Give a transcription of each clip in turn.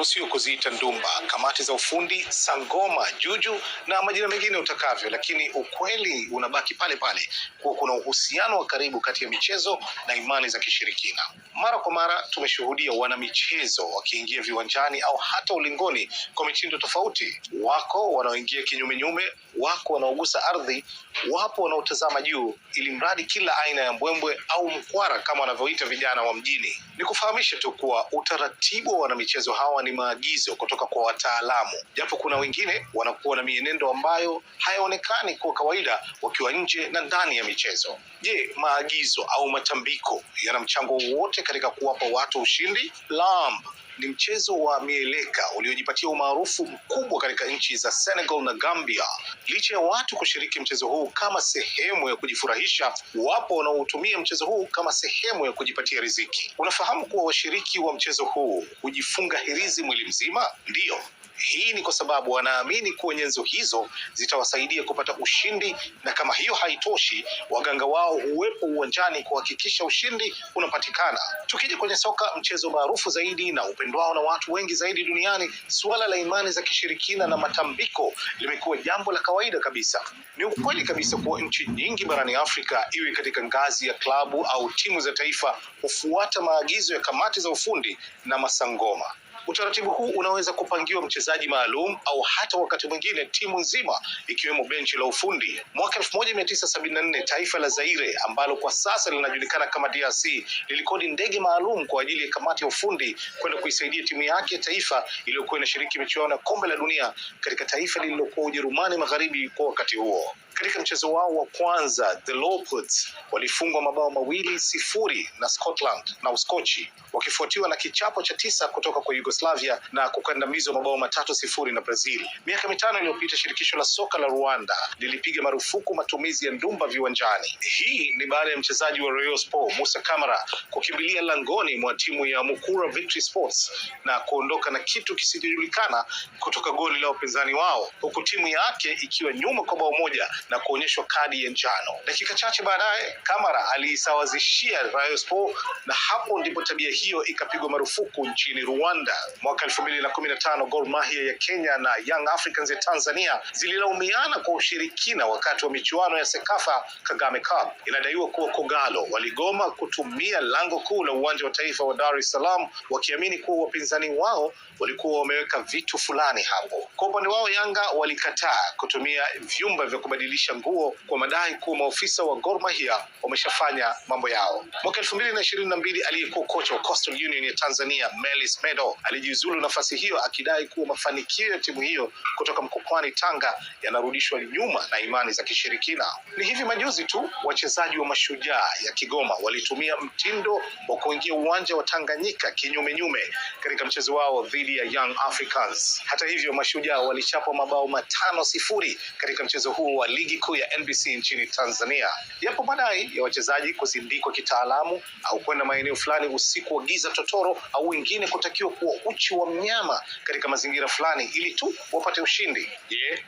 harusi kuziita ndumba, kamati za ufundi, sangoma, juju na majina mengine utakavyo, lakini ukweli unabaki pale pale kuwa kuna uhusiano wa karibu kati ya michezo na imani za kishirikina. Mara kwa mara tumeshuhudia wanamichezo wakiingia viwanjani au hata ulingoni kwa mitindo tofauti. Wako wanaoingia kinyumenyume, wako wanaogusa ardhi, wapo wanaotazama juu, ili mradi kila aina ya mbwembwe au mkwara kama wanavyoita vijana wa mjini. Ni kufahamisha tu kuwa utaratibu wa wanamichezo hawa ni ni maagizo kutoka kwa wataalamu, japo kuna wengine wanakuwa na mienendo ambayo hayaonekani kwa kawaida wakiwa nje na ndani ya michezo. Je, maagizo au matambiko yana mchango wowote katika kuwapa watu ushindi? Lamb ni mchezo wa mieleka uliojipatia umaarufu mkubwa katika nchi za Senegal na Gambia. Licha ya watu kushiriki mchezo huu kama sehemu ya kujifurahisha, wapo wanaotumia mchezo huu kama sehemu ya kujipatia riziki. Unafahamu kuwa washiriki wa mchezo huu hujifunga hirizi mwili mzima? Ndiyo, hii ni kwa sababu wanaamini kuwa nyenzo hizo zitawasaidia kupata ushindi, na kama hiyo haitoshi, waganga wao huwepo uwanjani kuhakikisha ushindi unapatikana. Tukija kwenye soka, mchezo maarufu zaidi na upendwao na watu wengi zaidi duniani, suala la imani za kishirikina na matambiko limekuwa jambo la kawaida kabisa. Ni ukweli kabisa kuwa nchi nyingi barani Afrika, iwe katika ngazi ya klabu au timu za taifa, hufuata maagizo ya kamati za ufundi na masangoma. Utaratibu huu unaweza kupangiwa mchezaji maalum au hata wakati mwingine timu nzima ikiwemo benchi la ufundi. Mwaka 1974 taifa la Zaire ambalo kwa sasa linajulikana kama DRC lilikodi ndege maalum kwa ajili ya kamati ya ufundi kwenda kuisaidia timu yake ya taifa iliyokuwa inashiriki michuano ya kombe la dunia katika taifa lililokuwa Ujerumani Magharibi kwa wakati huo. Katika mchezo wao wa kwanza the Leopards walifungwa mabao mawili sifuri na Scotland na Uskochi, wakifuatiwa na kichapo cha tisa kutoka kwa Yugoslavia na kukandamizwa mabao matatu sifuri na Brazil. Miaka mitano iliyopita, shirikisho la soka la Rwanda lilipiga marufuku matumizi ya ndumba viwanjani. Hii ni baada ya mchezaji wa Rayon Sports Musa Kamara kukimbilia langoni mwa timu ya Mukura Victory Sports na kuondoka na kitu kisichojulikana kutoka goli la wapinzani wao, huku timu yake ikiwa nyuma kwa bao moja na kuonyeshwa kadi ya njano. Dakika chache baadaye, Kamara aliisawazishia Rayon Sports, na hapo ndipo tabia hiyo ikapigwa marufuku nchini Rwanda. Mwaka elfu mbili na kumi na tano Gor Mahia ya Kenya na Young Africans ya Tanzania zililaumiana kwa ushirikina wakati wa michuano ya Sekafa Kagame Cup. Inadaiwa kuwa Kogalo waligoma kutumia lango kuu la uwanja wa taifa wa Dar es Salaam wakiamini kuwa wapinzani wao walikuwa wameweka vitu fulani hapo. Kwa upande wao, Yanga walikataa kutumia vyumba vya kubadilisha kubadilisha nguo kwa madai kuwa maofisa wa Gor Mahia wameshafanya mambo yao. Mwaka 2022 aliyekuwa kocha wa Coastal Union ya Tanzania Melis Medo alijiuzulu nafasi hiyo akidai kuwa mafanikio ya timu hiyo kutoka Mkokwani Tanga yanarudishwa nyuma na imani za kishirikina. Ni hivi majuzi tu wachezaji wa Mashujaa ya Kigoma walitumia mtindo wa kuingia uwanja wa Tanganyika kinyumenyume katika mchezo wao dhidi ya Young Africans. Hata hivyo, Mashujaa walichapwa mabao matano sifuri katika mchezo huo wa ligi ligi kuu ya NBC nchini Tanzania. Yapo madai ya wachezaji kuzindikwa kitaalamu au kwenda maeneo fulani usiku wa giza totoro, au wengine kutakiwa kuwa uchi wa mnyama katika mazingira fulani ili tu wapate ushindi. Je, yeah.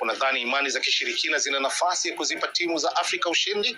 Unadhani imani za kishirikina zina nafasi ya kuzipa timu za Afrika ushindi?